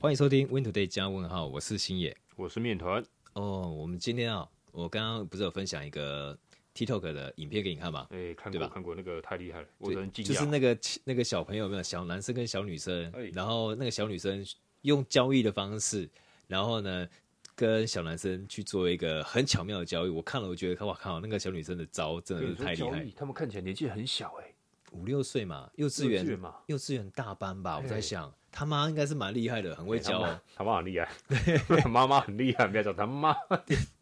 歡迎收聽《Win Today 加問號》，我是星野，我是麵團。哦、oh,，我們今天啊，我剛剛不是有分享一個 TikTok 的影片給你看嗎？對、欸，看過對吧，看過，那個太厲害了，我真驚訝，就是那個那個小朋友，沒有小男生跟小女生、欸，然後那個小女生用交易的方式，然後呢跟小男生去做一個很巧妙的交易。我看了，我覺得哇靠，那個小女生的招真的是太厲害。他們看起來年紀很小哎、欸。五六歲嘛，幼稚園，幼稚園大班吧。我在想，他媽應該是蠻厲害的，很會教。欸、他媽很厲害，媽媽 很厲害，不要叫他媽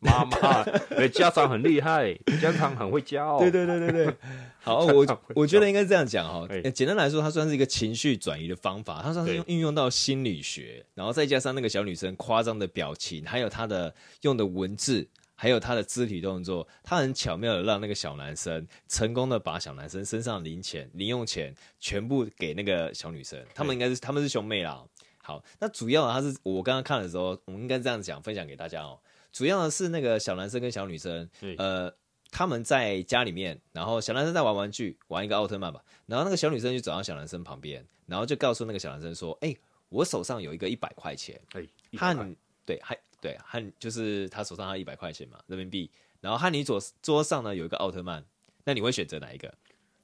媽媽，家長很厲害， 家長很會教，哦。對對對對對，好，我我覺得應該這樣講哈。簡單來說，它算是一個情緒轉移的方法，它算是運用到心理學，然後再加上那個小女生誇張的表情，還有她的用的文字。還有他的肢體動作，他很巧妙的讓那個小男生成功的把小男生身上零錢、零用錢全部給那個小女生。他們應該是他們是兄妹啦。好，那主要的他是我剛剛看的時候，我們應該這樣講分享給大家哦。主要的是那個小男生跟小女生、嗯，呃，他們在家裡面，然後小男生在玩玩具，玩一個奧特曼吧。然後那個小女生就走到小男生旁邊，然後就告訴那個小男生說：“哎、欸，我手上有一個一百塊錢，哎、欸，一百塊，對，還。”對，漢就是他手上有一百塊錢嘛，人民幣。然後漢你左桌上呢有一個奧特曼，那你會選擇哪一個？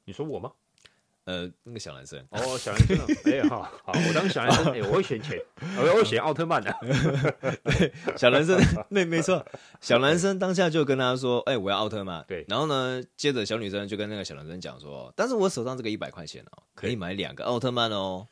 你說我嗎？呃，那個小男生。哦，小男生沒、啊、有、 哎、哈，好，我當小男生。 哎，我會選錢， 我會選奧特曼的、啊。 小男生，那沒錯。小男生當下就跟他說，哎，我要奧特曼。對。然後呢，接着小女生就跟那個小男生講說，但是我手上這個一百塊錢哦，可以買兩個奧特曼哦。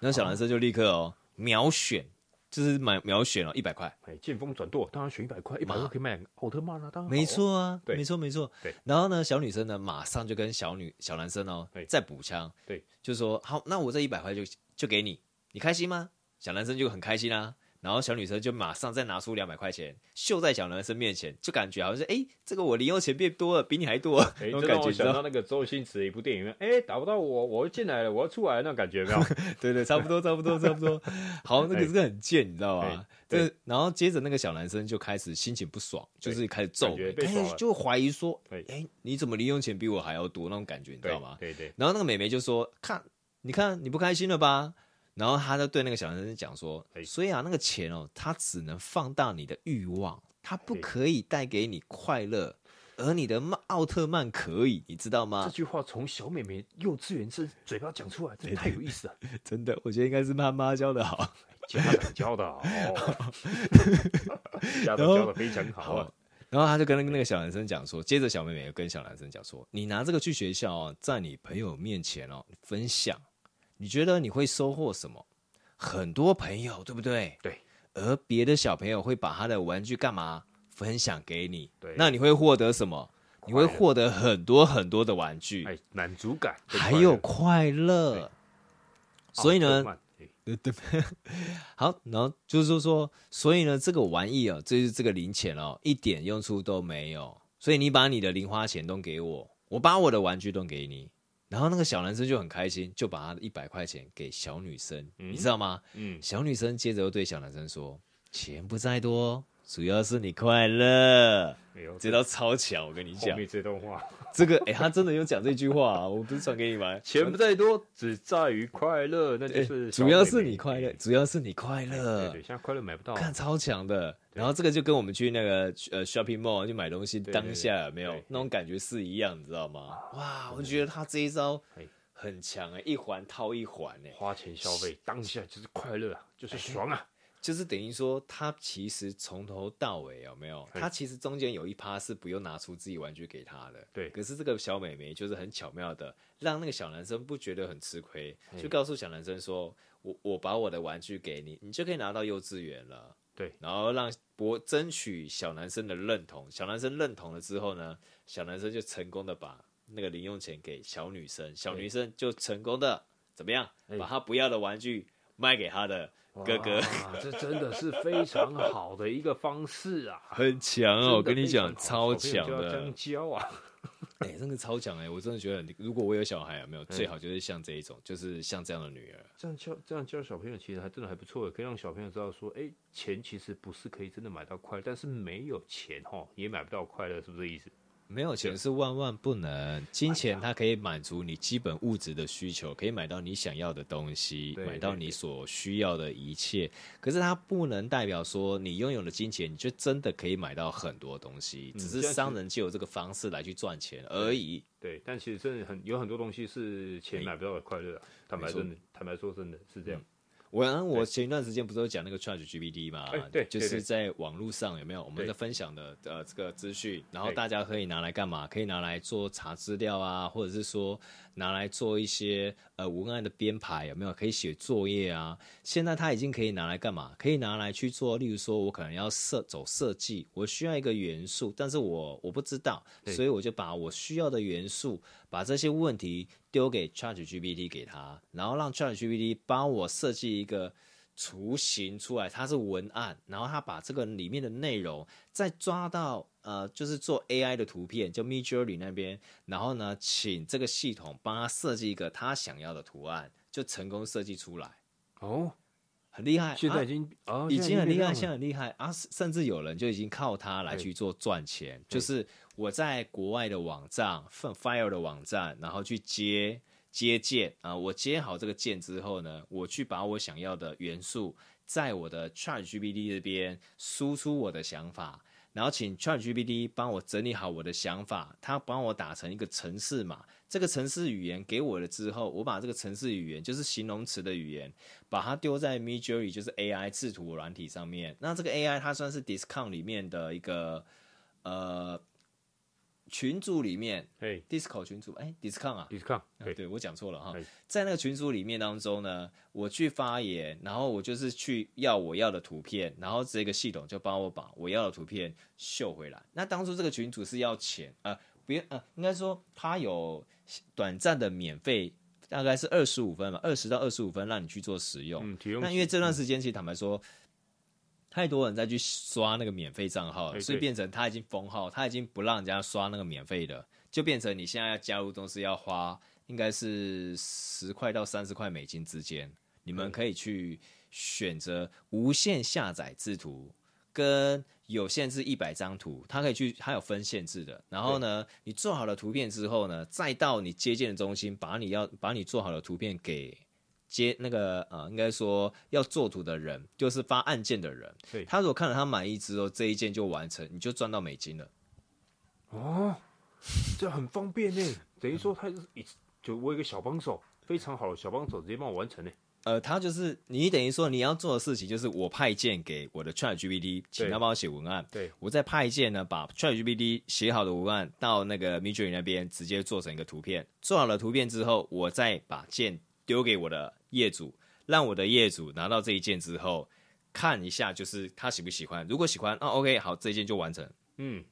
那小男生就立刻哦秒選。就是買秒選了一百塊，見風轉舵當然選一百塊，一百塊可以買奧特曼啊。當然沒錯啊，沒錯沒錯，然後呢，小女生呢，馬上就跟小女小男生哦，再補槍，對，就說好，那我這一百塊就就給你，你開心嗎？小男生就很開心啦、啊。然後小女生就馬上再拿出兩百塊錢秀在小男生面前，就感覺好像是哎、欸，這個我零用錢變多了，比你還多，欸、 那感覺。想到那個周星馳的一部電影，哎、欸，打不到我，我進來了，我要出來了，那種感覺有沒有？ 對，對對，差不多，差不多，差不多。好，那個真的很賤、欸，你知道嗎？欸、對就。然後接着那個小男生就開始心情不爽，就是開始揍開始就懷疑說，哎、欸，你怎麼零用錢比我還要多？那種感覺，你知道嗎？對對、對。然後那個美眉就說，看，你看你不開心了吧？然後他就對那個小男生講說：“所以啊，那個錢哦，它只能放大你的慾望，它不可以帶給你快樂，而你的奧特曼可以，你知道嗎？”這句話從小妹妹幼稚園生嘴巴講出來，真的太有意思了。 真的，我覺得應該是媽媽教的好，家教的好、哦， 然後 家教的非常好，、啊、好。然後他就跟那個小男生講說：“接着，小妹妹又跟小男生講說：‘你拿這個去學校哦，在你朋友面前哦分享。’”你覺得你會收穫什麼？很多朋友，對不對？對。而別的小朋友會把他的玩具幹嘛？分享給你。對。那你會獲得什麼？你會獲得很多很多的玩具，哎、滿足感，還有快樂。對，所以呢，啊哎、 好，然後就是說，所以呢，這個玩意哦，就是這個零錢哦，一點用處都沒有。所以你把你的零花錢都給我，我把我的玩具都給你。然後那個小男生就很開心，就把他的一百塊錢給小女生，嗯，你知道嗎？嗯，小女生接着又對小男生說：“錢不在多，主要是你快樂。”哎這道超巧，我跟你講這段話。這個哎、欸，他真的有講這句話，啊，我不是傳給你嗎？ 錢不在多，只在於快樂，那就是主要是你快樂，主要是你快樂。對，現在快樂買不到，看超強的對對對。然後這個就跟我們去那個呃 shopping mall 去買東西對對對，當下有沒有對對對，那種感覺是一樣，你知道嗎？對對對對對對，哇，我覺得他這一招很強哎、欸，一環套一環哎、欸，花錢消費當下就是快樂啊，就是爽啊。欸就是等於說，他其實從頭到尾有沒有？他其實中間有一趴是不用拿出自己玩具給他的。對。可是這個小美眉就是很巧妙的，讓那個小男生不覺得很吃虧，就告訴小男生說：“我我把我的玩具給你，你就可以拿到幼稚園了。”對。然後讓我爭取小男生的認同，小男生認同了之後呢，小男生就成功的把那個零用錢給小女生，小女生就成功的怎麼樣，把他不要的玩具賣給他的。哥哥哇，這真的是非常好的一個方式啊！很強哦，我跟你講，超強的。這樣教啊，哎、欸，真的超強哎、欸！我真的覺得，如果我有小孩啊，沒有、欸、最好就是像這一種、欸，就是像這樣的女兒。這樣教，這樣教小朋友，其實還真的還不錯、欸，可以讓小朋友知道說，哎、欸，錢其實不是可以真的買到快樂，但是沒有錢齁，也買不到快樂，是不是這意思？沒有錢是萬萬不能，金錢它可以滿足你基本物質的需求，可以買到你想要的東西，買到你所需要的一切。可是它不能代表說你擁有了金錢，你就真的可以買到很多東西。嗯、只是商人借由這個方式來去賺錢而已。對，對，但其實真的很有很多東西是錢買不到的快樂、啊欸、坦白說，坦白說，真的是這樣。嗯我、啊、我前一段時間不是有講那個 ChatGPT 嗎？欸、對，對，對，對，就是在網絡上有沒有我們的分享的呃這個資訊，然後大家可以拿來幹嘛？可以拿來做查資料啊，或者是說。拿來做一些呃文案的編排，有沒有可以寫作業啊？現在他已經可以拿來幹嘛？可以拿來去做，例如說，我可能要設走設計，我需要一個元素，但是我我不知道，所以我就把我需要的元素，把這些問題丟給 Chat GPT 給他，然後讓 Chat GPT 幫我設計一個雛形出來，它是文案，然後他把這個裡面的內容再抓到。呃，就是做 AI 的圖片，叫 Midjourney 那邊，然後呢，請這個系統幫他設計一個他想要的圖案，就成功設計出來。哦，很厲害，現在已經哦、啊，已經很厲害，現在很厲害啊！甚至有人就已經靠它來去做賺錢，就是我在國外的網站，Fiverr 的網站，然後去接接件，啊、呃，我接好這個件之後呢，我去把我想要的元素，在我的 ChatGPT 這邊輸出我的想法。然後請 Chat GPT 幫我整理好我的想法，他幫我打成一個程式碼。這個程式語言給我了之後，我把這個程式語言就是形容詞的語言，把它丟在 Midjourney 就是 AI 製圖軟體上面。那這個 AI 它算是 Discount 裡面的一個呃。群組裡面，Discord 群組，哎、欸、Discount 啊，Discount、hey。對我講錯了哈，在那個群組裡面當中呢，我去發言，然後我就是去要我要的圖片，然後這個系統就幫我把我要的圖片秀回來。那當初這個群組是要錢啊、呃，不啊、呃，應該說他有短暫的免費，大概是二十五分吧，二十到二十五分讓你去做使用，嗯用。那因為這段時間其實坦白說。嗯太多人再去刷那個免費賬號了，對對，所以變成他已經封號，他已經不讓人家刷那個免費的，就變成你現在要加入的東西要花，應該是十塊到三十塊美金之間。你們可以去選擇無限下載製圖，跟有限制一百張圖，他可以去，他有分限制的。然後呢，你做好了圖片之後呢，再到你接件的中心把你要把你做好的圖片給。接那個啊、呃，應該說要做圖的人，就是發案件的人。對，他如果看了他滿意之後，這一件就完成，你就賺到美金了。哦，這很方便呢。 等於說他就是，就我有一個小幫手，非常好的小幫手，直接幫我完成呢。呃，他就是你，等於說你要做的事情就是我派件給我的 ChatGPT，請他幫我寫文案對。對，我再派件呢，把 ChatGPT 寫好的文案到那個 Midjourney 那邊，直接做成一個圖片。做好了圖片之後，我再把件。丟給我的業主，讓我的業主拿到這一件之後看一下，就是他喜不喜歡。如果喜歡，哦，OK，好，這一件就完成。嗯，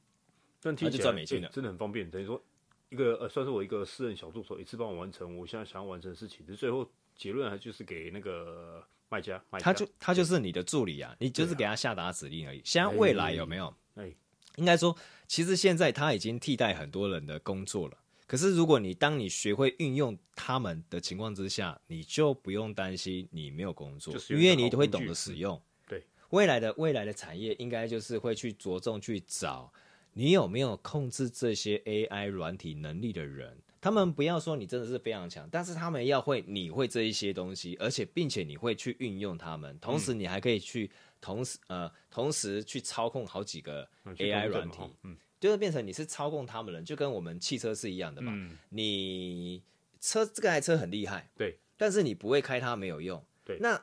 賺那賺美金了、欸、真的很方便。等於說，一個呃，算是我一個私人小助手，一次幫我完成我現在想要完成的事情。就最後結論還就是給那個賣家，賣家他就他就是你的助理啊，你就是給他下達指令而已、啊。現在未來有沒有？哎，應該說，其實現在他已經替代很多人的工作了。可是，如果你當你學會運用他們的情況之下，你就不用擔心你沒有工作，工具，因為你會懂得使用。對未來的未來的產業，應該就是會去着重去找你有沒有控制這些 AI 軟體能力的人。他們不要說你真的是非常強，但是他們要會你會這一些東西，而且並且你會去運用他們，同時你還可以去同時呃同時去操控好幾個 AI 軟體。嗯。嗯嗯嗯就是變成你是操控他們人，就跟我們汽車是一樣的嘛，嗯。你車這個、台車很厲害，對，但是你不會開它，沒有用。對，那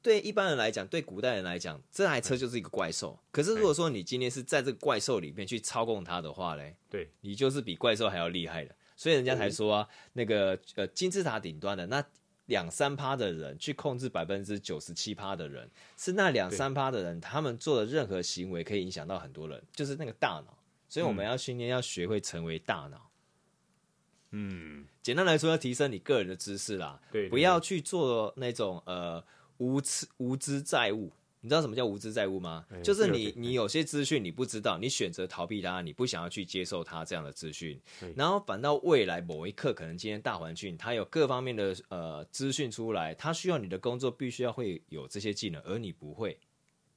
對一般人來講，對古代人來講，這台車就是一個怪獸，嗯。可是如果說你今天是在這個怪獸裡面去操控它的話嘞，對，嗯，你就是比怪獸還要厲害的。所以人家才說啊，嗯，那個呃金字塔頂端的那兩三趴的人去控制百分之九十七趴的人，是那兩三趴的人，他們做的任何行為可以影響到很多人，就是那個大腦。所以我們要訓練，要學會成為大腦。嗯，簡單來說，要提升你個人的知識啦。對，對,對。不要去做那種呃無知無知債務。你知道什麼叫無知債務嗎？就是你你有些資訊你不知道，你選擇逃避它，你不想要去接受它這樣的資訊，然後反倒未來某一刻，可能今天大環境它有各方面的呃資訊出來，它需要你的工作必須要會有這些技能，而你不會。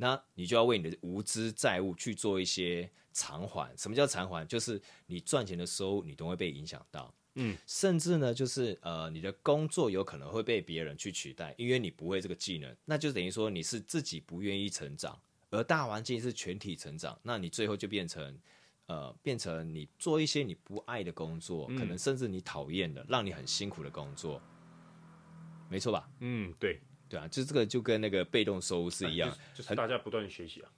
那你就要為你的無知債務去做一些償還。什麼叫償還？就是你賺錢的收入，你都會被影響到。嗯，甚至呢，就是呃，你的工作有可能會被別人去取代，因為你不會這個技能。那就等於說你是自己不願意成長，而大環境是全體成長。那你最後就變成，呃，變成你做一些你不愛的工作，嗯、可能甚至你討厭的，讓你很辛苦的工作。沒錯吧？嗯，對。對啊，就這個就跟那個被動收入是一樣，啊就是，就是大家不斷學習啊。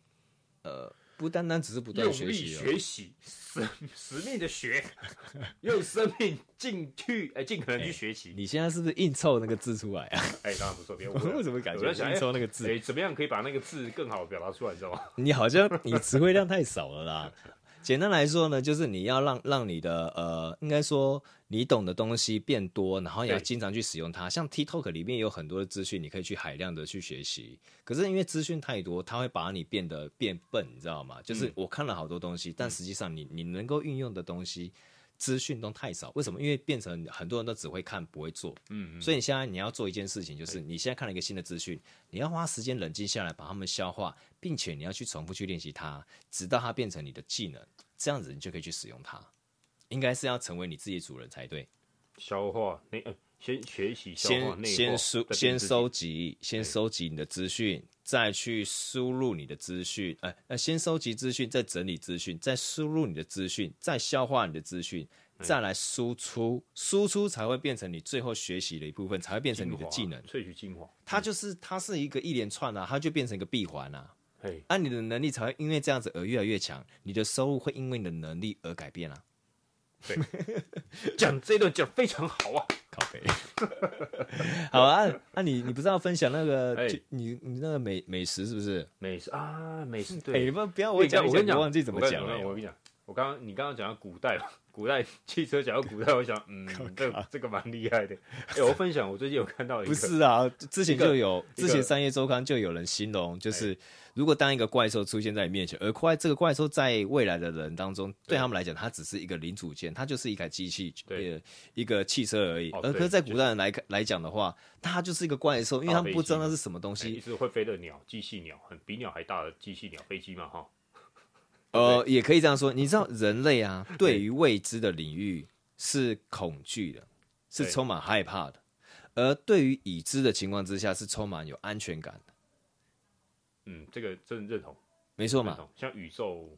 呃，不單單只是不斷學習，力學習，使使命的學， 用生命進去，哎、欸，盡可能去學習，欸。你現在是不是硬湊那個字出來啊？哎、欸，當然不錯，別誤會。我 怎麼感覺硬湊那個字，欸欸。怎麼樣可以把那個字更好表達出來？你知道嗎？你好像你詞彙量太少了啦。 簡單來說呢，就是你要讓讓你的呃，應該說你懂的東西變多，然後也要經常去使用它。像 TikTok 裡面有很多的資訊，你可以去海量的去學習。可是因為資訊太多，它會把你變得變笨，你知道嗎？就是我看了好多東西，嗯、但實際上你你能夠運用的東西。資訊都太少，為什麼？因為變成很多人都只會看不會做嗯。嗯，所以你現在你要做一件事情，就是、欸、你現在看了一個新的資訊，你要花時間冷靜下來把它們消化，並且你要去重複去練習它，直到它變成你的技能，這樣子你就可以去使用它。應該是要成為你自己主人才對。消化內、呃，先學習，消化先收先收集，先收集你的資訊。再去輸入你的資訊，那、呃、先收集資訊，再整理資訊，再輸入你的資訊，再消化你的資訊，再來輸出，輸出才會變成你最後學習的一部分，才會變成你的技能，精華、萃取精華。它就是它是一個一連串的、啊，它就變成一個閉環啊。那、啊、你的能力才會因為這樣子而越來越強，你的收入會因為你的能力而改變啊。對，講 這段講非常好啊，咖啡， 好啊，那、 啊啊、 你你不是要分享那個你你那個美美食是不是？美食啊，美食。對欸、你不要不要我講，我跟你講我忘記怎麼講了。我跟你講，我剛剛你剛剛講到古代古代汽車講到古代，我想嗯，這這個蠻厲、這個、害的。哎、欸，我分享，我最近有看到一個，不是啊，之前就有之前商業周刊就有人形容就是。如果當一個怪獸出現在你面前，而怪這個怪獸在未來的人當中，對，對他們來講，它只是一個零組件，它就是一台機器，一個一個汽車而已。哦、而可是在古代人來來講的話，它就是一個怪獸，因為他們不知道那是什麼東西。欸、一隻會飛的鳥，機器鳥，很比鳥還大的機器鳥飛，飛機嘛哈。呃，也可以這樣說，你知道人類啊， 對於未知的領域是恐懼的，是充滿害怕的；對而對於已知的情況之下，是充滿有安全感的。嗯，這個真認同，沒錯嘛。像宇宙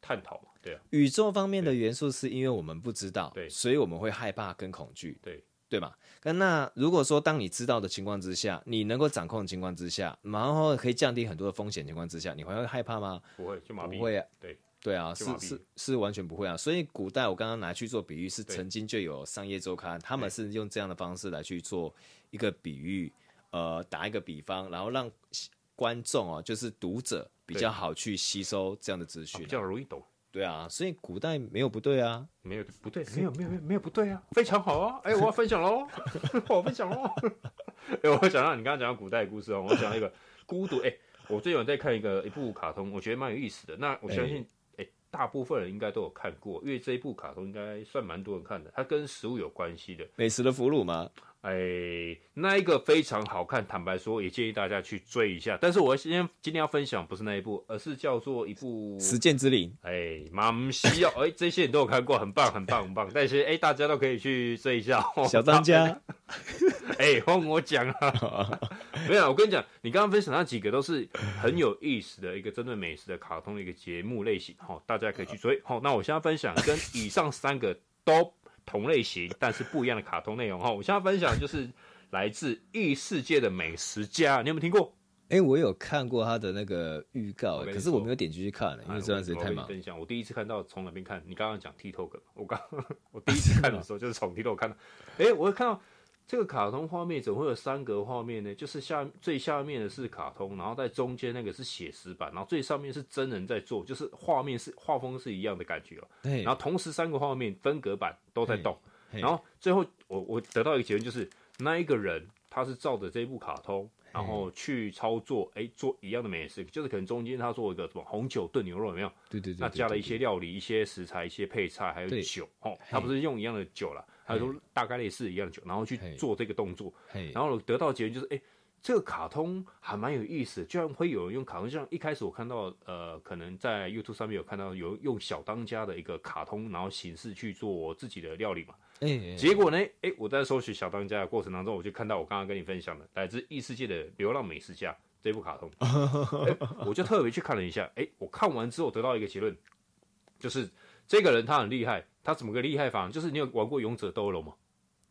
探討嘛，對啊，宇宙方面的元素是因為我們不知道，對，所以我們會害怕跟恐懼，對，對嘛。那如果說當你知道的情況之下，你能夠掌控的情況之下，然後可以降低很多的風險情況之下，你會害怕嗎？不會，就麻痹，不會啊。對，對啊，是是是完全不會啊。所以古代我剛剛拿去做比喻，是曾經就有商業周刊，他們是用這樣的方式來去做一個比喻，呃，打一個比方，然後讓。觀眾啊、哦，就是讀者比較好去吸收這樣的資訊、啊，比較容易懂。對啊，所以古代沒有不對啊，沒有不對，沒有沒有沒有不對啊，非常好啊！哎、欸，我要分享嘍、 欸，我分享嘍！哎，我講到你剛剛講到古代的故事哦，我講到一個孤獨。哎、欸，我最近有在看一個一部卡通，我覺得蠻有意思的。那我相信、欸欸，大部分人應該都有看過，因為這一部卡通應該算蠻多人看的。它跟食物有關係的，美食的俘虜嗎？哎、欸，那一個非常好看，坦白說也建議大家去追一下。但是我今天今天要分享不是那一部，而是叫做一部《實踐之靈》欸。哎，蠻需要，哎，這些你都有看過，很棒，很棒，很棒。很棒，但是哎、欸，大家都可以去追一下。小當家，哎、哦，換、 欸、我講啊， 沒有、啊，我跟你講，你剛剛分享那幾個都是很有意思的一個針對美食的卡通的一個節目類型，哈、哦，大家可以去追。好、哦，那我現在分享跟以上三個都。同類型，但是不一樣的卡通內容哈，我現在分享的就是來自異世界的美食家，你有沒有聽過？欸、我有看過他的那個預告，可是我沒有點進去看，因為這段時間太忙。我我跟分享我第一次看到從哪邊看？你剛剛講 Tog，t 我剛我第一次看的時候就是從 Tog t 看的。哎、欸，我有看到。這個卡通畫面怎麼會有三格畫面呢？就是下最下面的是卡通，然後在中間那個是寫實版，然後最上面是真人在做，就是畫面是畫風是一樣的感覺、哦、hey, 然後同時三個畫面分隔版都在動，hey, hey, 然後最後我我得到一個結論，就是那一個人他是照着這部卡通，hey, 然後去操作，誒，做一樣的美食，就是可能中間他做一個什麼紅酒燉牛肉，有沒有？對對對,對對對，那加了一些料理、一些食材、一些配菜，還有酒哦，他不是用一樣的酒啦。Hey, 他說大概類似一樣酒，然後去做這個動作，hey, hey. 然後得到的結論就是，哎、欸，這個卡通還蠻有意思，居然會有人用卡通，像一開始我看到，呃，可能在 YouTube 上面有看到有用小當家的一個卡通，然後形式去做自己的料理嘛。Hey, hey, hey. 結果呢，哎、欸，我在搜尋小當家的過程當中，我就看到我剛剛跟你分享的來自異世界的流浪美食家這部卡通， 欸、我就特別去看了一下，哎、欸，我看完之後得到一個結論，就是。這個人他很厲害，他怎麼個厲害法？就是你有玩過《勇者鬥惡龍》嗎？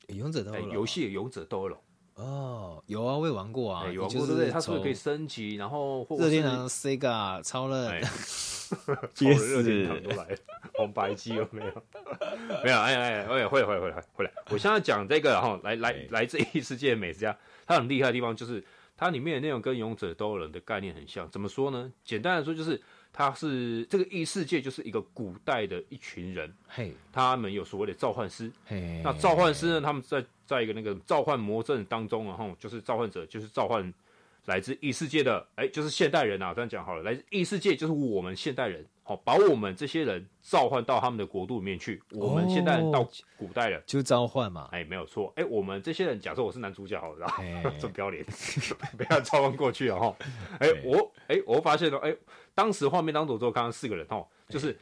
欸、勇者鬥惡龍遊戲，《勇者鬥惡龍》哦，有啊，我也玩過啊，欸、有玩過，就是對他是不是可以升級？然後任天堂 Sega 超人、欸、 yes. 熱，yes，任天堂都來了，紅白機有沒有？ 沒有，哎哎哎，會會會會會，我現在講這個哈，來來來自異世界的美食家，他很厲害的地方就是，它裡面的內容跟《勇者鬥惡龍》的概念很像，怎麼說呢？簡單來說就是。他是這個異世界就是一個古代的一群人，嘿，hey，他們有所謂的召喚師，hey，那召喚師呢，他們在在一個那個召喚魔陣當中，然後就是召喚者，就是召喚來自異世界的，哎，就是現代人啊，這樣講好了，來自異世界就是我們現代人。哦，把我們這些人召喚到他們的國度裡面去。哦、我們現在到古代了，就召喚嘛。哎、欸，沒有錯。哎、欸，我們這些人，假設我是男主角，好的啊，這、欸、 不要臉， 不要召喚過去了哈。哎、欸，我，哎、欸，我發現了，哎、欸，當時畫面當中，只有剛剛四個人哦，就是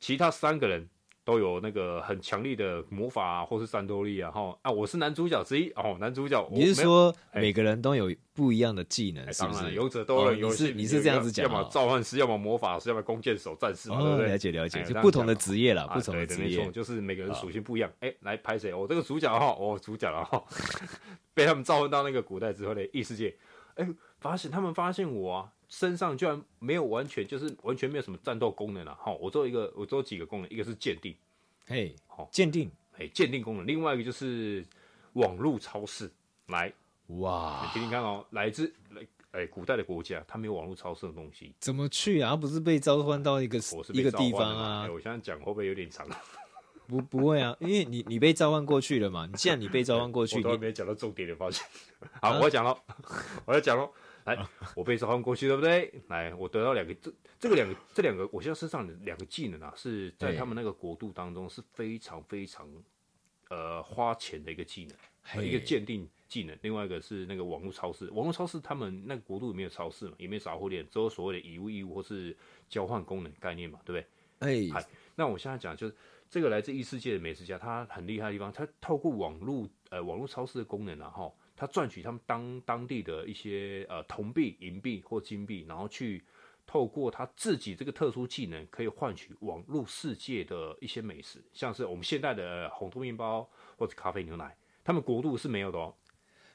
其他三個人。欸都有那個很強力的魔法、啊、或是戰鬥力啊！哈，啊，我是男主角之一哦，男主角。你是說每個人都有不一樣的技能，欸、是不是？勇、欸、者都能有，哦、你是你是這樣子講，要麼召喚師，要麼魔法師，是要麼弓箭手、戰士、哦，對不對？了解了解、欸，就不同的職業了、啊，不同的職業，的就是每個人屬性不一樣。哎、哦、欸，來拍誰？我、哦、這個主角哈，我、哦、主角啊。哈、哦， 被他們召喚到那個古代之後的異世界，哎、欸，發現他們發現我、啊。身上居然沒有完全，就是完全沒有什麼戰鬥功能了、啊。好，我做一個，我做幾個功能，一個是鑑定，哎，好，鑑定，鑑定功能。另外一個就是網路超市，來，哇，給、欸、你看哦，來自、欸、古代的國家，它沒有網路超市的東西，怎麼去啊？他不是被召喚到一個、嗯、一個地方啊？欸、我現在講會不會有點長？不，不會啊， 因為你你被召喚過去了嘛。你既然你被召喚過去，欸、我都沒講到重點，的保險。 好，我講了，我要講了。 來，我被召喚過去，對不對？來，我得到兩個，這這個兩個，這兩個，我現在身上的兩個技能啊，是在他們那個國度當中是非常非常呃花錢的一個技能，一個鑑定技能。另外一個是那個網絡超市，網絡超市，他們那個國度沒有超市嘛，也沒有雜貨店，只有所謂的以物易物或是交換功能概念嘛，對不對？哎，Hi, 那我現在講就是這個來自異世界的美食家，他很厲害的地方，他透過網絡呃網絡超市的功能啊，後。他賺取他們當當地的一些呃銅幣、銀幣或金幣，然後去透過他自己這個特殊技能，可以換取網路世界的一些美食，像是我們現代的紅豆麵包或者咖啡牛奶，他們國度是沒有的哦。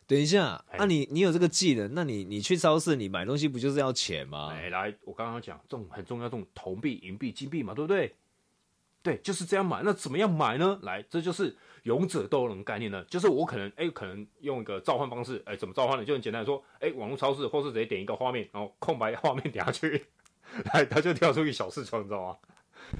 等一下，那、哎啊、你你有這個技能，那你你去超市，你買東西不就是要錢嗎？哎、來，我剛剛講這種很重要，這種銅幣、銀幣、金幣嘛，對不對？對，就是這樣買。那怎麼樣買呢？來，這就是勇者鬥惡龍概念呢。就是我可能哎、欸，可能用一個召喚方式，哎、欸，怎麼召喚呢？就很簡單說，說、欸、哎，網絡超市或是直接點一個畫面，然後空白畫面點下去， 來，它就跳出一個小視窗，你知道嗎？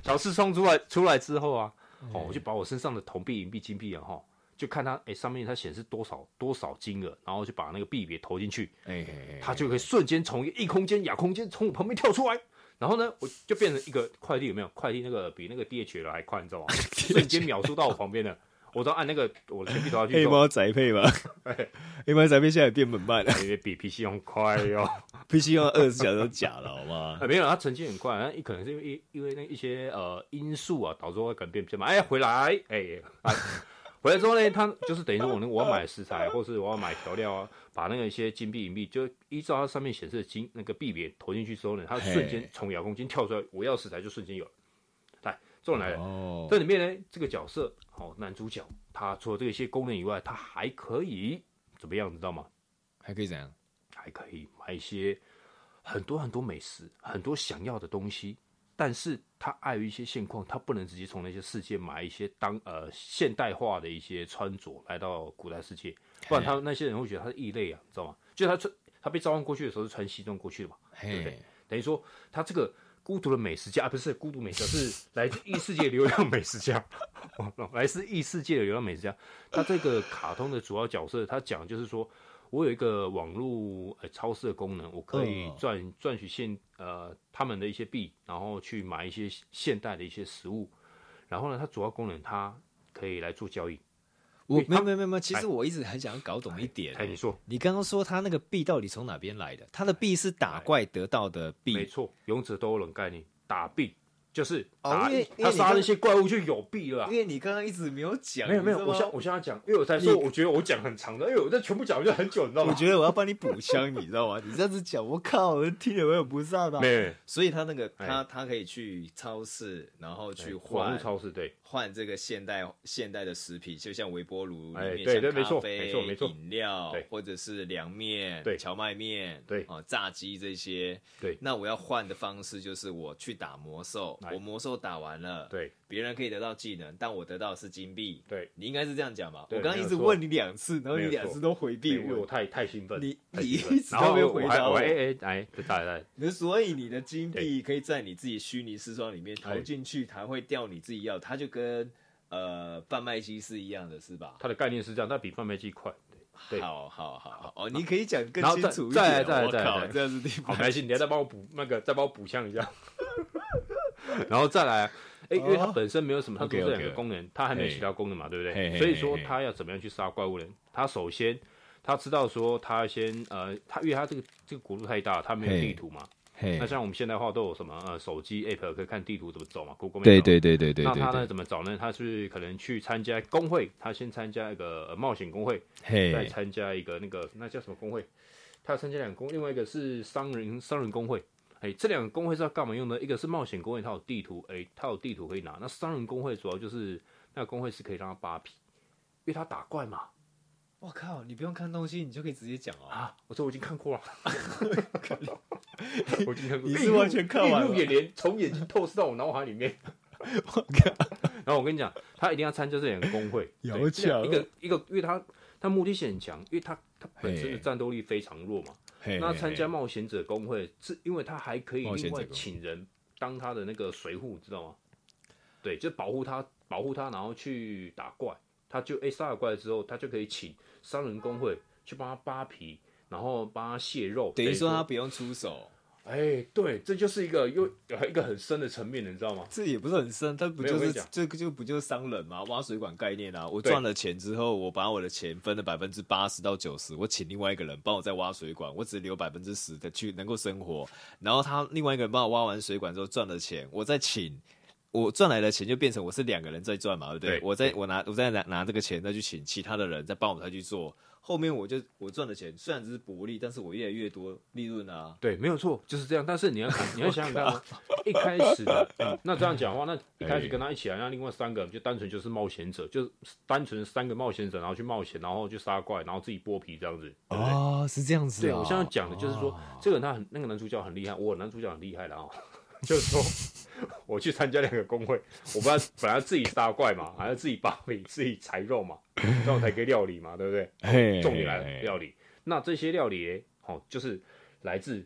小視窗出來出來之後啊，哦、喔，我就把我身上的銅幣、銀幣、金幣啊，哈，就看它哎、欸、上面它顯示多少多少金額，然後就把那個幣給投進去，哎，它就可以瞬間從異空間、亞空間從我旁邊跳出來。然後呢，我就變成一個快遞，有沒有？快遞那個比那個 DHL 還快，你知道嗎？瞬間秒速到我旁邊了，我都按那個我的鼠標去黑 貓宅配嗎？黑貓宅配現在變本慢了，因為比 P C 用快喲。 P C 用二十四小時都假了，好 嗎？沒有，它成績很快，但一可能因為因為那一些呃因素啊，導致我改變比較慢。哎，回來，哎哎。 回來之後呢，他就是等於說，我那我要買食材，oh. 或是我要買調料啊，把那個一些金幣銀幣，就依照它上面顯示的金那個幣別投進去之後呢，它瞬間從遙控器跳出來，hey. 我要食材就瞬間有了。來，眾人來了。Oh. 這裡面呢，這個角色哦，男主角，他除了這些功能以外，他還可以怎麼樣，你知道嗎？還可以怎樣？還可以買一些很多很多美食，很多想要的東西。但是他礙於一些現況，他不能直接從那些世界買一些當呃現代化的一些穿着來到古代世界，不然他那些人會覺得他是異類啊，你知道嗎？就他穿他被召喚過去的時候是穿西裝過去的嘛，Hey. 對不對？等於說他這個孤獨的美食家啊，不是孤獨美,美食家，是 來自異世界流浪美食家，哦，來自異世界的流浪美食家。他這個卡通的主要角色，他講就是說。我有一個網絡呃、欸、超市的功能，我可以賺賺、oh. 取現呃他們的一些幣，然後去買一些現代的一些食物，然後呢，它主要功能它可以來做交易。我沒有沒有沒有，其實我一直很想要搞懂一點。哎，你說，你剛剛說它那個幣到底從哪邊來的？它的幣是打怪得到的幣，沒錯，勇者鬥惡龍概念打幣。就是他、哦因為，他殺那些怪物就有幣了、啊。因為你剛剛一直沒有講，沒有沒有，我現在我現在講，因為我在說，我覺得我講很長的，因為我在全部講就很久，你知道嗎？我覺得我要幫你補槍， 你知道嗎？你這樣子講，我靠，也沒有我聽得我有不上的。沒，所以他那個他、欸、他可以去超市，然後去換、欸、超市對。換這個現代現代的食品，就像微波爐裡面、哎，對像咖啡、飲料，或者是涼麵、對，蕎麥麵，對啊，哦，炸雞這些。對，那我要換的方式就是我去打魔獸，我魔獸打完了，對，別人可以得到技能，但我得到的是金幣。對，你應該是這樣講吧？我剛剛一直問你兩次，然後你兩次都回避我，因為我太太興奮，你你一直都沒有回答我。哎哎，來來來，那所以你的金幣可以在你自己虛擬時裝裡面投進去，它會掉你自己要，它就跟。跟呃販賣機是一樣的，是吧？它的概念是這樣，它比販賣機快。對，好好好好，哦，你可以講更清楚一點。再來再來再來，這樣子販賣機， 你要再幫我補那個，再幫我補槍一下。 然後再來，哎、 欸，因為它本身沒有什麼，它只有這兩個功能，okay, okay. 它還沒有其他功能嘛，對不對？Hey. 所以說，它要怎麼樣去殺怪物人？Hey. 它首先，它知道說，它先呃，它因為它這個這個國度太大，它沒有地圖嘛。Hey. Hey. 那像我們現代化都有什麼呃手機 app 可以看地圖怎麼走嘛？Google 地圖。對對對對對、對。那他呢怎麼找呢？他是可能去參加工會，他先參加一個、呃、冒險工會，hey. 再參加一個那個那叫什麼工會？他要參加兩個工會，另外一個是商人商人工會。哎、欸，這兩個工會是要幹嘛用呢？一個是冒險工會，他有地圖，哎、欸，他有地圖可以拿。那商人工會主要就是那個工會是可以讓他扒皮，因為他打怪嘛。我靠！你不用看東西，你就可以直接講、哦、啊！我說我已經看過了， 我已經看過了，你是完全看完，映入眼簾，從眼睛透視到我腦海裡面。我靠！然後我跟你講，他一定要參加這兩個工會，有搶一個一個，因為他他目的性很強，因為他他本身的戰鬥力非常弱嘛。Hey, 那參加冒險者工會，是因為他還可以另外請人當他的那個隨護，知道嗎？對，就保護他，保護他，然後去打怪。他就哎殺、欸、了過來之後，他就可以請商人工會去幫他扒皮，然後幫他卸肉，等於說他不用出手。哎、欸，對，這就是一個又、嗯、一個很深的層面，你知道嗎？這也不是很深，他不就是這個就，就，就不就是商人嘛，挖水管概念啊。我賺了錢之後，我把我的錢分了百分之八十到九十，我請另外一個人幫我再挖水管，我只留百分之十的去能夠生活。然後他另外一個人幫我挖完水管之後賺了錢，我再請。我賺來的錢就變成我是兩個人在賺嘛，對不對？對我在我拿，我在拿拿這個錢再去請其他的人再幫我們再去做。後面我就我賺的錢雖然只是薄利，但是我越來越多利潤啊。對，沒有錯，就是這樣。但是你要，想你，要想 你要想想看，一開始的 那這樣講的話，那一開始跟他一起來，那另外三個就單純就是冒險者，就是單純三個冒險者，然後去冒險，然後去殺怪，然後自己剝皮這樣子。啊、哦，是這樣子。對我現在講的就是說，哦、這個很那個男主角很厲害，我男主角很厲害然後就是說。 我去參加兩個公會，我不要，本來自己殺怪嘛，還要自己扒皮、自己裁肉嘛，然後才可以料理嘛，對不對？重點來了，料理。 那這些料理，好、哦，就是來自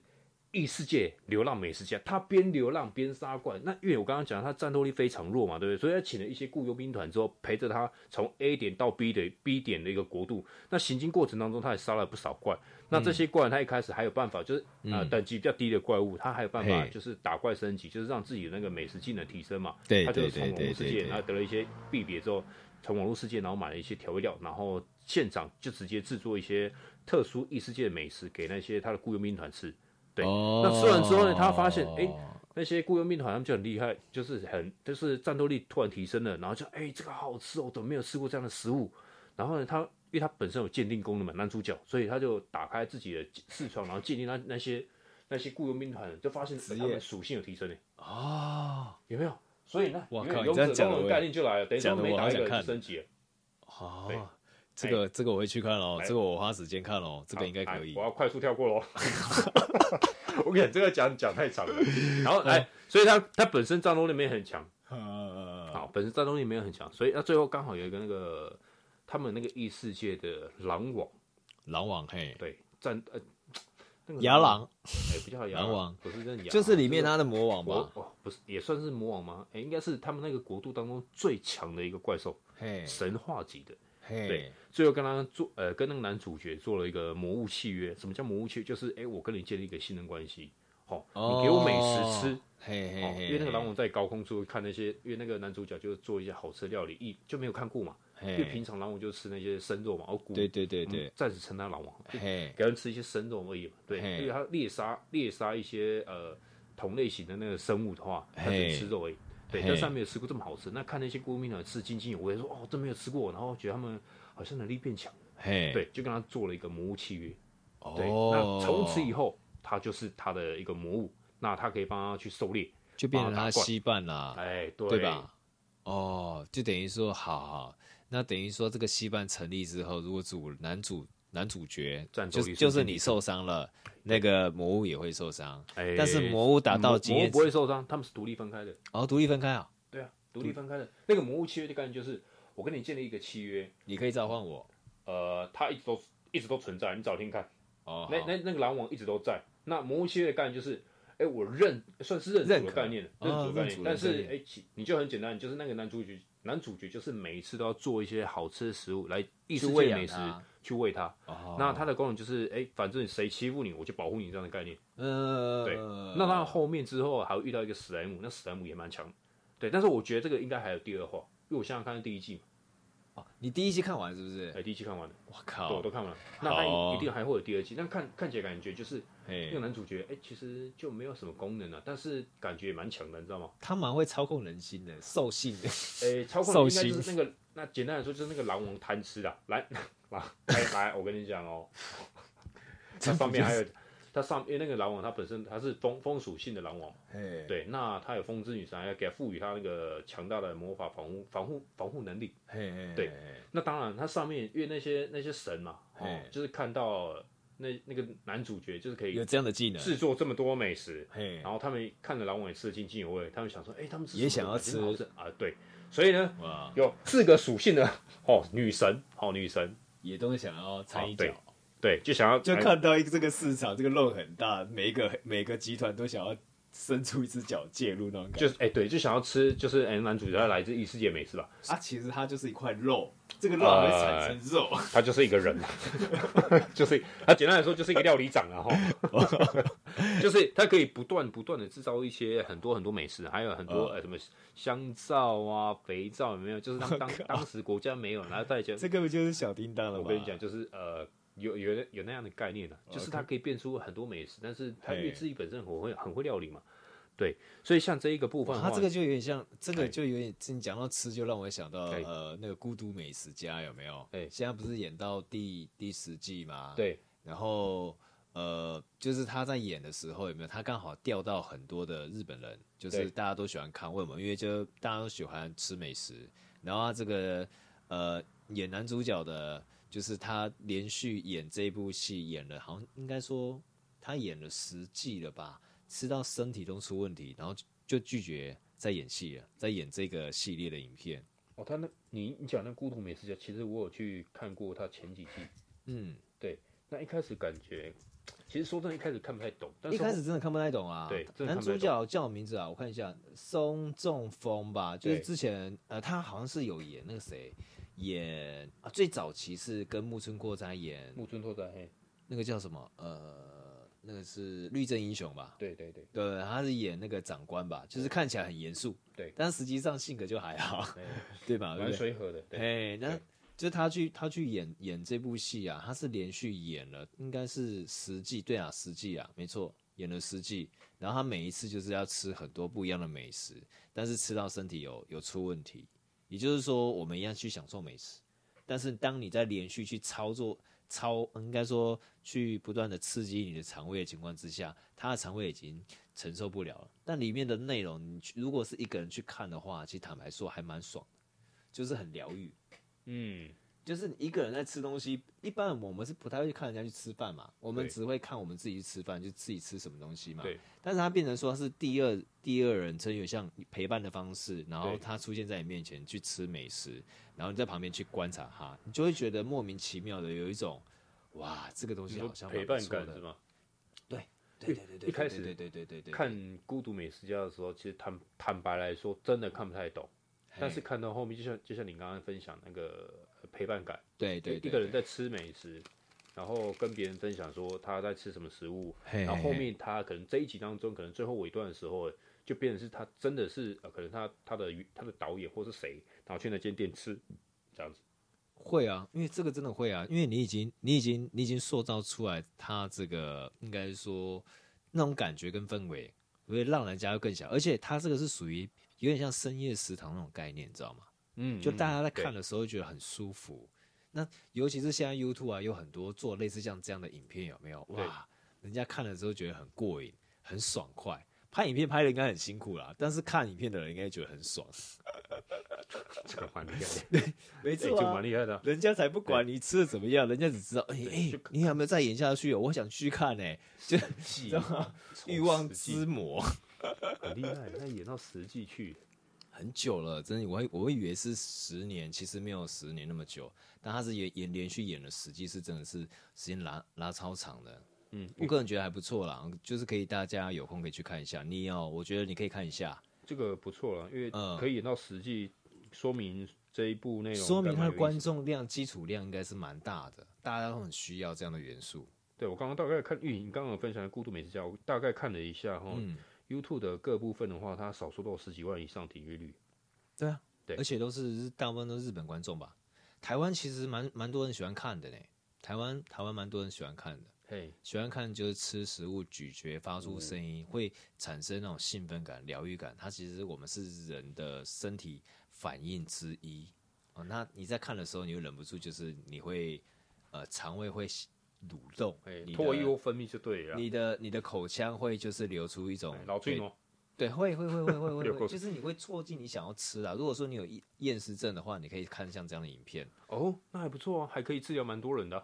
異世界流浪美食家，他邊流浪邊殺怪。那因為我剛剛講，他戰鬥力非常弱嘛，對不對？所以他請了一些僱傭兵團之後，陪着他從 A 點到 B 的 B 點的一個國度。那行進過程當中，他也殺了不少怪。那這些怪，它一開始還有辦法，嗯、就是啊、呃，等級比較低的怪物，嗯、他還有辦法，就是打怪升級，就是讓自己的那個美食技能提升嘛。對，他就從網絡世界，然後得了一些幣別之後，從網絡世界，然後買了一些調味料，然後現場就直接制作一些特殊異世界的美食給那些他的僱傭兵團吃。對、哦，那吃完之後呢，他發現哎，那些僱傭兵團他們就很厲害，就是很就是戰鬥力突然提升了，然後就哎這個好吃哦，怎麼沒有吃過這樣的食物？然後呢他。因為他本身有鑑定功能嘛，男主角，所以他就打開自己的視窗，然後鑑定他那些那些雇傭兵團，就發現他們屬性有提升哦，有沒有？所以呢，哇靠，你這樣講，概念就來了，等於說沒打一個就升級了。好、哦欸，這個這個我會去看哦，這個我花時間看哦，這個應該可以、欸。我要快速跳過嘍。 我跟你講這個講講太長了。然後來、哦，所以他他本身戰鬥力沒很強，好，本身戰鬥力沒有很強，所以那最後剛好有一個那個。他們那個異世界的狼王，狼王嘿，對，戰呃、那個，牙狼，哎、欸，不叫牙狼，狼王不是真牙，就是裡面他的魔王嘛，哦、這個喔，不是，也算是魔王嗎？哎、欸，應該是他們那個國度當中最強的一個怪獸，嘿，神話級的，嘿，對，最後跟他做，呃，跟那個男主角做了一個魔物契約，什麼叫魔物契約？就是哎、欸，我跟你建立一個信任關係，好、喔，你給我美食吃，哦喔、嘿，嘿，哦，因為那個狼王在高空處看那些，因為那個男主角就是做一些好吃料理，一就沒有看過嘛。因為平常狼王就吃那些生肉嘛，哦，對對對對，暫時稱他狼王，給他吃一些生肉而已嘛。對，因為他獵殺獵殺一些呃同類型的那個生物的話，他就吃肉而已。對，但是還沒有吃過這麼好吃。那看那些觀眾呢吃得津津有味，我也說哦，真沒有吃過。然後覺得他們好像能力變強。嘿，對，就跟他做了一個魔物契約。哦，對，那從此以後他就是他的一個魔物，那他可以幫他去狩獵，就變成他羈絆了。哎、欸，對吧？哦，就等於說，好，好。那等於說，這個戲班成立之後，如果主男主男主角就就是你受傷了，那個魔物也會受傷。但是魔物打到魔物不會受傷，他們是獨立分開的。哦，獨立分開啊、哦。對啊，獨立分開的。那個魔物契約的概念就是，我跟你建立一個契約，你可以召喚我。呃，他一直都一直都存在，你找聽看。哦，那那那個狼王一直都在。那魔物契約的概念就是，誒、欸，我認算是認主的概念，認，認主的概念。哦、但是哎、欸，你就很簡單，就是那個男主角。男主角就是每一次都要做一些好吃的食物來，一直餵美食，去餵它。Oh. 那它的功能就是，哎、欸，反正你誰欺負你，我就保護你這樣的概念。Uh... 對。那到後面之後還會遇到一個史萊姆，那史萊姆也蠻強。對，但是我覺得這個應該還有第二話，因為我現在看的第一季嘛。哦，你第一季看完是不是？哎、欸，第一季看完了，我靠，我都看完了。那、哦、他一定還會有第二季，但看看起來感覺就是，那個男主角，哎、欸，其實就沒有什麼功能了、啊，但是感覺也蠻強的，你知道嗎？他蠻會操控人心的，獸性的，哎、欸，操控人心。那個，那簡單來說就是那個狼王貪吃的，來，來來， 我跟你講哦， 這那方面還有。它上面，因為那個狼王，它本身它是風風屬性的狼王，hey. 對，那他有風之女神，還要給它賦予他那個強大的魔法防護防護防護能力，hey. 對，hey. 那當然他上面因為那些那些神嘛，oh. 就是看到那那個男主角，就是可以有這樣的技能製作這麼多美食，然後他們看着狼王也吃的津津有味，hey. 他們想說，誒、欸，他們也想要吃，要吃啊，對，所以呢，wow. 有四個屬性的哦，女神，哦，女神也都會想要插一、啊、對。對，就想要就看到一個這個市場，這個肉很大，每一個每個集團都想要伸出一隻腳介入那種感覺，就是哎、欸，對，就想要吃，就是哎、欸，男主角要來自異世界美食吧？啊，其實他就是一塊肉，這個肉會產生肉，他、呃、就是一個人， 就是他簡單來說就是一個料理長啊，哈 然後， 就是他可以不斷不斷的制造一些很多很多美食，還有很多、呃呃、什麼香皂啊、肥皂，有沒有，就是當 當當時國家沒有，然後大家這根、個、本就是小叮當了我跟你講，就是呃。有有有那樣的概念呢、啊，就是他可以變出很多美食，但是他因為自己本身很會很會料理嘛，對，所以像這一個部分，他這個就有點像，這個就有點，你講到吃就讓我想到呃那個孤獨美食家有沒有？對，現在不是演到第第十季嘛？對，然後呃就是他在演的時候有沒有？他剛好釣到很多的日本人，就是大家都喜歡看為什麼？因為就大家都喜歡吃美食，然後他這個呃演男主角的。就是他連續演這部戲，演了好像應該說他演了十季了吧，吃到身體都出問題，然後就拒絕再演戲了，再演這個系列的影片。哦，他那，你你講那《孤獨美食家》，其實我有去看過他前幾季。嗯，對。那一開始感覺，其實說真的，一開始看不太懂，但是，一開始真的看不太懂啊。對，男主角叫我名字啊，我看一下，松重豐吧，就是之前呃，他好像是有演那個誰。演啊，最早期是跟木村拓哉演，木村拓哉，嘿，那個叫什麼？呃，那個是律政英雄吧？對對對，對，他是演那個長官吧？就是看起來很嚴肅，對，但實際上性格就還好，對，對吧？蠻隨和的。對。那就他去他去演演這部戲啊，他是連續演了應該是十季，對啊，十季啊，沒錯，演了十季。然後他每一次就是要吃很多不一樣的美食，但是吃到身體有有出問題。也就是說，我們一樣去享受美食，但是當你在連續去操作、操，應該說去不斷的刺激你的腸胃的情況之下，它的腸胃已經承受不了了。但裡面的內容，你如果是一個人去看的話，其實坦白說還蠻爽的，就是很療癒，嗯。就是你一個人在吃東西，一般我們是不太會去看人家去吃飯嘛，我們只會看我們自己去吃飯，就自己吃什麼東西嘛。對。但是他變成說是第二第二人稱，有像陪伴的方式，然後他出現在你面前去吃美食，然後你在旁邊去觀察他，你就會覺得莫名其妙的有一種哇，這個東西好像不陪伴感是嗎？對對對對對。一開始對對對對對，對，對，對，對，對，對，對，對，看《孤獨美食家》的時候，其實坦坦白來說真的看不太懂，但是看到後面就，就像就像你剛剛分享那個。陪伴感，對對，一個人在吃美食，然後跟別人分享說他在吃什麼食物，然後後面他可能這一集當中，可能最後尾段的時候，就變成是他真的是，呃、可能他他的他的導演或是誰，然後去那間店吃，這樣子。會啊，因為這個真的會啊，因為你已經你已經你已經塑造出來他這個，應該說那種感覺跟氛圍，會讓人家要更想，而且他這個是屬於有點像深夜食堂那種概念，你知道嗎？嗯，就大家在看的時候覺得很舒服、嗯。那尤其是現在 YouTube 啊，有很多做類似像這樣的影片，有沒有？哇，人家看了之後覺得很過癮、很爽快。拍影片拍的應該很辛苦啦，但是看影片的人應該覺得很爽。這個畫面，對，沒錯、欸，就蠻厲害的、啊。人家才不管你吃的怎麼樣，人家只知道哎哎、欸欸，你有沒有再演下去、喔？我想去看呢、欸，就你知道嗎？欲望之魔，很厲害，那演到實際去。很久了，真的，我還我以為是十年，其實沒有十年那麼久，但他是演演連續演了十季，是真的是時間拉拉超長的。嗯，我個人覺得還不錯啦，就是可以大家有空可以去看一下。你要，我覺得你可以看一下，這個不錯啦，因為可以演到十季、嗯、說明這一部內容說明他的觀眾量基礎量應該是蠻大的，大家都很需要這樣的元素。對我剛剛大概看嗯，你剛剛有分享的《孤獨美食家》，我大概看了一下嗯。YouTube 的各部分的話，它少說都有十幾萬以上訂閱率，對啊，對，而且都是大部分都是日本觀眾吧。台灣其實蠻蠻多人喜歡看的呢、欸，台灣台灣蠻多人喜歡看的，嘿、hey,，喜歡看就是吃食物咀嚼發出聲音、mm -hmm. 會產生那種興奮感、療癒感，它其實我們是人的身體反應之一。哦，那你在看的時候，你又忍不住就是你會呃腸胃會。乳肉，哎，唾液分泌就對了。你的你的口腔會就是流出一種、欸、老醋嗎？對，會會會會會 就是你會啜進你想要吃的。如果說你有厭厭食症的話，你可以看像這樣的影片。哦，那還不錯啊，還可以治療蠻多人的，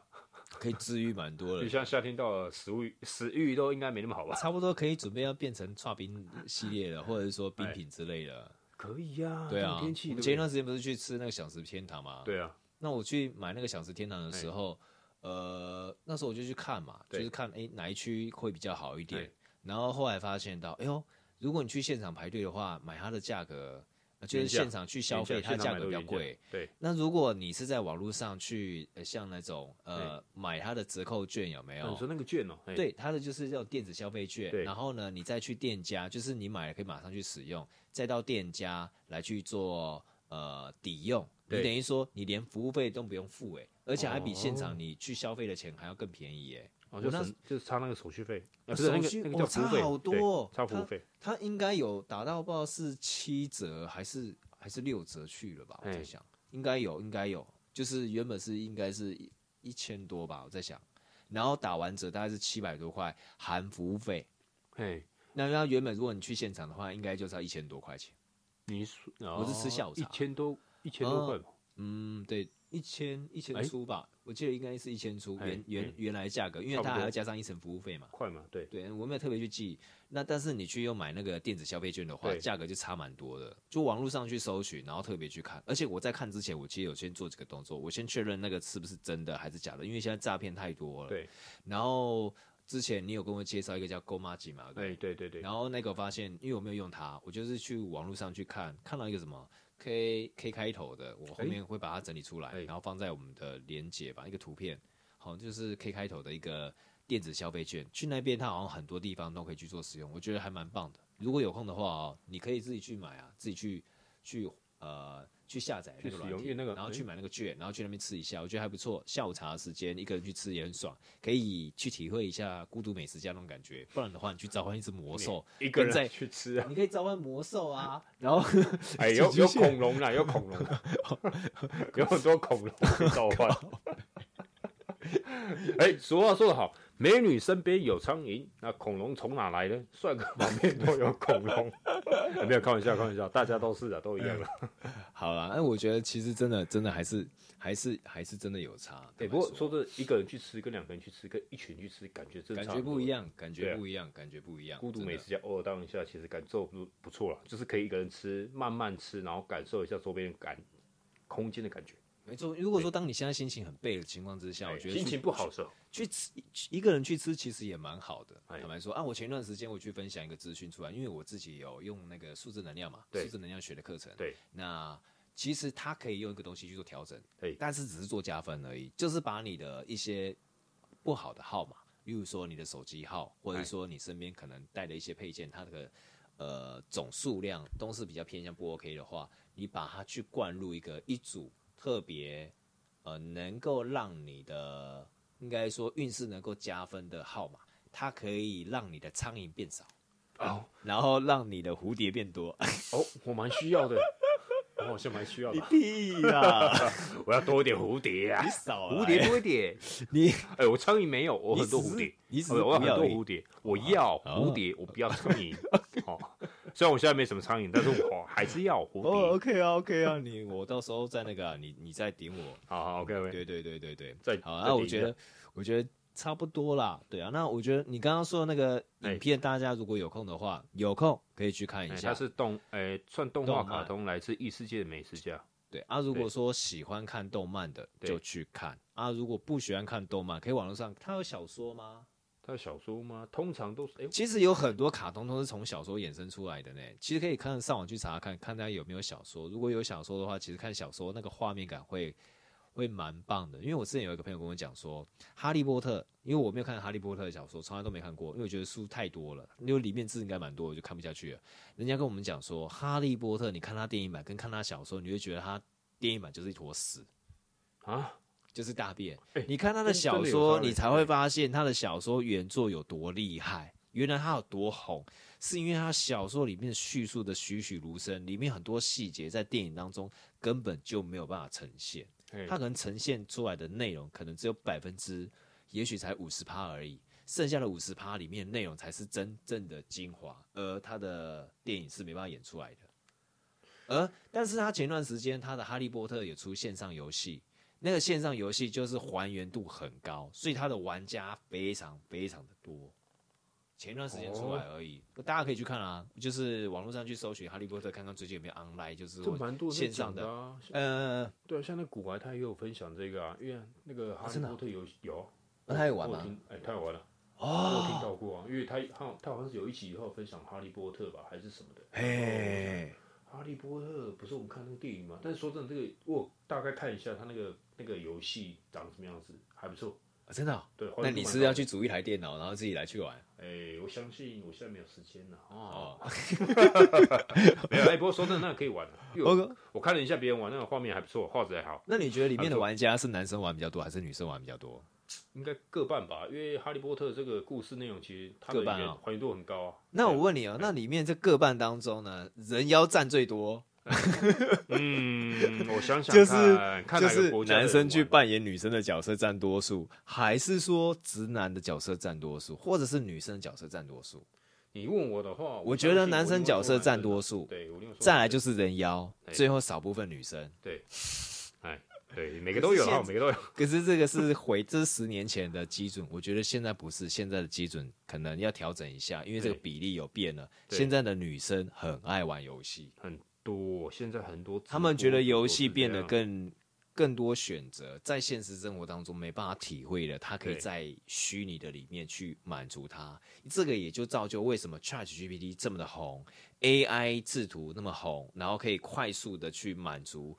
可以治癒蠻多人。就像夏天到了，食物食慾都應該沒那麼好吧？差不多可以準備要變成剉冰系列的，或者是說冰品之類的。欸、可以呀、啊，對啊。天氣對對前一段時間不是去吃那個小食天堂嘛？對啊。那我去買那個小食天堂的時候。欸呃，那時候我就去看嘛，就是看哎、欸、哪一區會比較好一點。然後後來發現到，哎呦，如果你去現場排隊的話，買它的價格就是現場去消費，它價格比較貴。對，那如果你是在網絡上去、呃，像那種呃買它的折扣券，有沒有？我說那個券哦、喔？對，它的就是這種電子消費券。然後呢，你再去店家，就是你買了可以馬上去使用，再到店家來去做呃抵用，你等於說你連服務費都不用付、欸而且還比現場你去消費的錢還要更便宜、欸，耶。哦，就是就是差那個手續費，不、啊、是、啊、那個叫服務費哦、差好多、哦，差服務費，他應該有打到不知道是七折還是還是六折去了吧？欸、我在想，應該有，應該有，就是原本是應該是一,一千多吧？我在想，然後打完折大概是七百多塊含服務費，嘿、欸，那那原本如果你去現場的話，應該就差一千多塊錢。你說、哦、我是吃下午茶，一千多，一千多塊、啊、嗯，對。一千一千出吧，欸、我記得應該是一千出原原、欸欸、原來價格，因為它還要加上一層服務費嘛。快嘛，對。對，我沒有特別去記。那但是你去又買那個電子消費券的話，價格就差蠻多的。就網絡上去搜尋，然後特別去看，而且我在看之前，我其實有先做這個動作，我先確認那個是不是真的還是假的，因為現在詐騙太多了。對。然後之前你有跟我介紹一個叫 Gomaji 嘛？對、欸、對對對。然後那個發現，因為我沒有用它，我就是去網絡上去看，看到一個什麼。K K 開頭的，我後面會把它整理出來，欸、然後放在我們的鏈接，吧一個圖片，好，就是 K 開頭的一個電子消費券，去那邊它好像很多地方都可以去做使用，我覺得還蠻棒的。如果有空的話啊，你可以自己去買啊，自己去去。呃，去下載那個軟件，那個，然後去買那個券，欸、然後去那邊吃一下，我覺得還不錯。下午茶的時間，一個人去吃也很爽，可以去體會一下孤獨美食家那種感覺。不然的話，你去召喚一只魔獸，一個人再去吃，啊。你可以召喚魔獸啊。然後，哎、欸，有有恐龍啦，有恐龍， 有很多恐龍召喚。哎、 欸，俗話說得好。美女身邊有蒼蠅，那恐龍從哪來呢？帥哥旁邊都有恐龍、 欸，沒有開玩笑，開玩笑，大家都是的，都一樣了。嗯、 好啦那、啊、我覺得其實真的，真的還是，還是，還是真的有差。哎、欸，不過說這個、一個人去吃，跟兩個人去吃，跟一群去吃，感覺真的，感覺不一樣，感覺不一樣，感覺不一樣。啊、一樣孤獨美食家偶爾當一下，其實感受不錯啦，就是可以一個人吃，慢慢吃，然後感受一下周邊感空間的感覺。沒錯，如果說當你現在心情很背的情況之下，我覺得心情不好的時候去，去吃，一個人去吃，其實也蠻好的。坦白說啊，我前段時間我去分享一個資訊出來，因為我自己有用那個數字能量嘛，對，數字能量學的課程。對，那其實它可以用一個東西去做調整，對，但是只是做加分而已，就是把你的一些不好的號碼，例如說你的手機號，或者說你身邊可能帶的一些配件，它的呃總數量都是比較偏向不 OK 的話，你把它去灌入一個一組。特別，呃，能夠讓你的應該說運勢能夠加分的號碼，它可以讓你的蒼蠅變少，哦、oh. 嗯，然後讓你的蝴蝶變多。哦、oh,，我蠻需要的，我好像蠻需要的。你屁啦、啊！ 我要多一點蝴蝶啊，你你少欸、蝴蝶多一點。 你哎、欸，我蒼蠅沒有，我很多蝴蝶。你死！我要很多蝴蝶，oh. 我要蝴蝶，oh. 我不要蒼蠅。好、oh. Oh. 雖然我現在沒什麼蒼蠅，但是我還是要活。哦、 oh,，OK 啊，OK 啊，你我到時候在那個、啊、 你你再頂我，好好 OK OK。對對對對對，再好那、啊、我覺得我覺得差不多啦。對啊，那我覺得你剛剛說的那個影片，欸，大家如果有空的話，有空可以去看一下。欸、它是動哎，算、欸、動畫卡通，來自異世界的美食家。對啊，如果說喜歡看動漫的就去看啊，如果不喜歡看動漫，可以網絡上。它有小說嗎？那小說嗎？通常都是，欸，其實有很多卡通都是從小說衍生出來的呢。其實可以看上網去查看看大家有沒有小說。如果有小說的話，其實看小說那個畫面感會會蠻棒的。因為我之前有一個朋友跟我講說，哈利波特，因為我沒有看哈利波特的小說，從來都沒看過，因為我覺得書太多了，因為裡面字應該蠻多，我就看不下去了。人家跟我們講說，哈利波特，你看他電影版跟看他小說，你會覺得他電影版就是一坨屎啊。就是大便，欸，你看他的小說，你才會發現他的小說原作有多厲害，欸。原來他有多紅，是因為他小說裡面敘述的栩栩如生，裡面很多細節在電影當中根本就沒有辦法呈現。欸、他可能呈現出來的內容可能只有百分之，也許才五十趴而已。剩下的五十趴裡面內容才是真正的精華，而他的電影是沒辦法演出來的。而但是他前段時間他的《哈利波特》也出線上遊戲。那個線上遊戲就是還原度很高，所以它的玩家非常非常的多。前一段時間出來而已，哦，大家可以去看啊，就是網絡上去搜尋《哈利波特》，看看最近有沒有 online，就是線上的。呃、啊嗯嗯，對，像那古懷他也有分享這個、啊嗯嗯個、享這個啊，因為那個《哈利波特》有，啊，有有，那他有玩嗎？哎，欸，他有玩了，哦，我有聽到過啊，因為他他他好像是有一集以後分享《哈利波特》吧，還是什麼的。哈利波特不是我們看那個電影嗎？但是說真的，這個我大概看一下他那個那個遊戲長什麼樣子，還不錯、啊，真的、喔。對，那你是要去組一台電腦，然後自己來去玩？哎、欸，我相信我現在沒有時間了啊。沒有，哈利波特說真的，那可以玩。哥、okay. 我看了一下別人玩那個畫面還不錯，畫質還好。那你覺得裡面的玩家是男生玩比較多，還是女生玩比較多？應該各半吧，因為《哈利波特》這個故事內容其實還原度很高。啊喔嗯。那我問你啊，喔嗯，那裡面這各半當中呢，人妖佔最多？嗯， 嗯我想想看， 就是，就是是男生去扮演女生的角色佔多數，還是說直男的角色佔多數，或者是女生的角色佔多數？你問我的話我，我覺得男生角色佔多數。對，我再來就是人妖，最後少部分女生。對。對，每個都有，每個都有。可是這個是回 這是十年前的基準，我覺得現在不是，現在的基準可能要調整一下，因為這個比例有變了。現在的女生很愛玩遊戲，很多，現在很多，他們覺得遊戲變得更更多選擇，在現實生活當中沒辦法體會的，他可以在虛擬的裡面去滿足他。這個也就造就為什麼 Chat GPT 這麼的紅，AI 製圖那麼紅，然後可以快速的去滿足。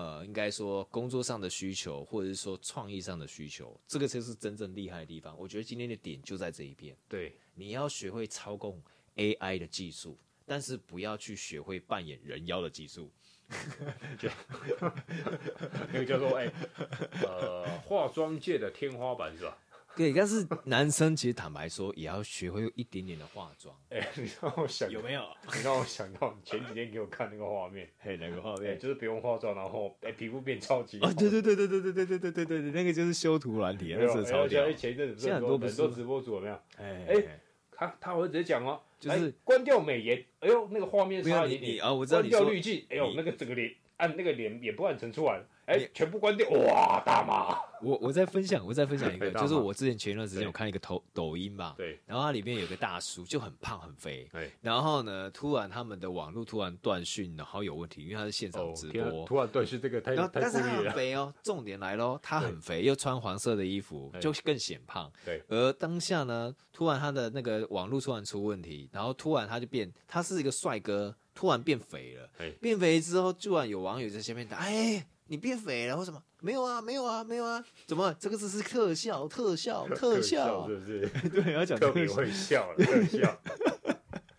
呃，應該說工作上的需求，或者是說創意上的需求，這個才是真正厲害的地方。我覺得今天的點就在這一邊。對，你要學會操控 AI 的技術，但是不要去學會扮演人妖的技術。對 就，那個叫做哎，呃，化妝界的天花板是吧？對，但是男生其實坦白說，也要學會有一點點的化妝。哎、欸，你讓我想有沒有？你讓我想到你前幾天給我看那個畫面，哎、嗯，那個畫面就是不用化妝，然後哎、欸，皮膚變超級好。啊、哦，對對對對對對對對對對對，那個就是修圖軟體啊，那是超。欸、前一陣子很多很多不是說很多直播主有沒有？哎、欸、哎，他他會直接講哦，就是關掉美顏，哎呦那個畫面差一點點不你，點啊、哦，我知道你說，關掉濾鏡，哎呦那個整個臉。按那個臉也不按成出來，哎、欸，全部關掉，哇，大媽！我我再分享，我再分享一個， 就是我之前前一段時間有看一個抖抖音嘛，對，然後它裡面有個大叔就很胖很肥，對，然後呢，突然他們的網絡突然斷訊，然後有問題，因為他是現場直播，哦啊、突然斷訊這個太，太但是他很肥哦、喔，重點來嘍，他很肥，又穿黃色的衣服，就更顯胖，對。對，而當下呢，突然他的那個網絡突然出問題，然後突然他就變，他是一個帥哥。突然變肥了，欸、變肥之後，突然有網友在下面打：“哎、欸，你變肥了？”或什麼？沒有啊，沒有啊，沒有啊！怎麼這個字是特效？特效？特效、啊、特效是不是？ 對，要講特，特別會笑， 特效，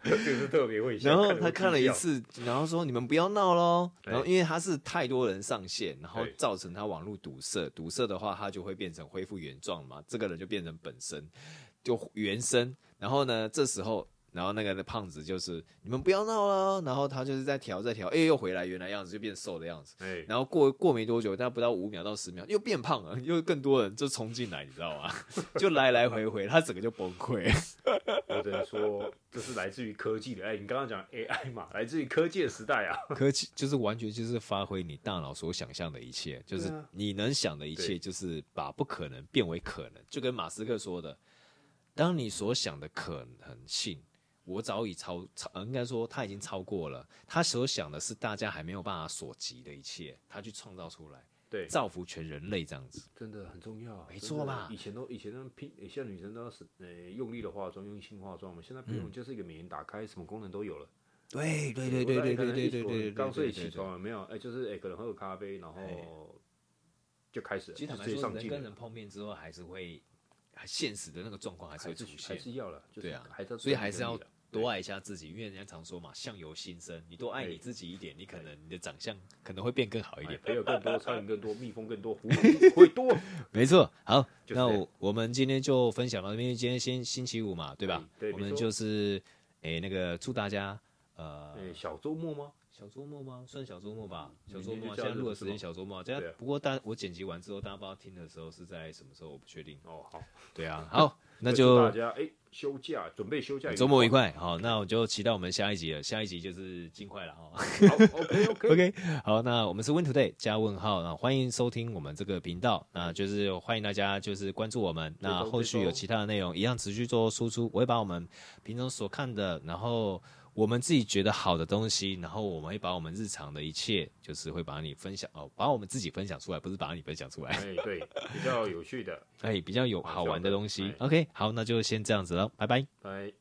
就 是特別會笑。然後他看了一次， 然後說：“你們不要鬧嘍。欸”然後因為他是太多人上線，然後造成他網路堵塞，堵塞的話，他就會變成恢復原狀嘛。這個人就變成本身，就原身。然後呢，這時候。然後那個那胖子就是，你們不要鬧了，然後他就是在調在調，哎，又回來原來樣子就變瘦的樣子，哎、欸，然後過過沒多久，大概不到五秒到十秒又變胖了，又更多人就衝進來，你知道嗎？ 就來來回回，他整個就崩潰。 我只能說這是來自於科技的，哎，你剛剛講 AI 嘛，來自於科技的時代啊，科技就是完全就是發揮你大腦所想象的一切，就是你能想的一切，就是把不可能變為可能、啊，就跟馬斯克說的，當你所想的可能性。我早已超超，應該說他已經超過了。他所想的是大家還沒有辦法所及的一切，他去創造出來，對，造福全人類這樣子，真的很重要、啊，沒錯吧、啊？以前都以前都拼，現在女生都是呃、欸、用力的化妝，用心化妝嘛。現在不用就是一個美顏打開、嗯，什麼功能都有了。對對對對對對對對。剛睡起床沒有？哎、欸，就是哎、欸，可能喝個咖啡，然後就開始了。其實坦白說，人跟人碰面之後還，還是會現實的那個狀況還是會出現，還是要了，就是、對，啊是要對啊，所以還是要。多愛一下自己，因為人家常說嘛，“相由心生”，你多愛你自己一點，你可能你的長相可能會變更好一點，朋、哎、友更多，蒼蠅更多，蜜蜂更多，蝴蝶會多。蜂蜂多 沒錯，好，就是、那我，我們今天就分享到這邊。因為今天星星期五嘛，對吧？對對，我們就是誒、欸，那個祝大家呃、欸、小周末嗎？小周末嗎？算小周末吧。小周末。現在錄的時間小周末，這樣、啊，不過大我剪輯完之後，大家不知道聽的時候是在什麼時候，我不確定。哦、oh,，好。對啊，好。 那就大家哎、欸，休假準備休假，周末愉快。好，那我就期待我們下一集了。下一集就是盡快了哈。好，OK OK OK。Okay, 好，那我們是 Win Today 加問號、啊，歡迎收聽我們這個頻道，那就是歡迎大家就是關注我們。那後續有其他的內容，一樣持續做輸出。我會把我們平常所看的，然後。我們自己覺得好的東西，然後我們會把我們日常的一切，就是會把你分享哦，把我們自己分享出來，不是把你分享出來。哎，對，比較有趣的，哎， 比較有好玩的東西。好 OK，好，那就先這樣子了，拜拜。拜拜。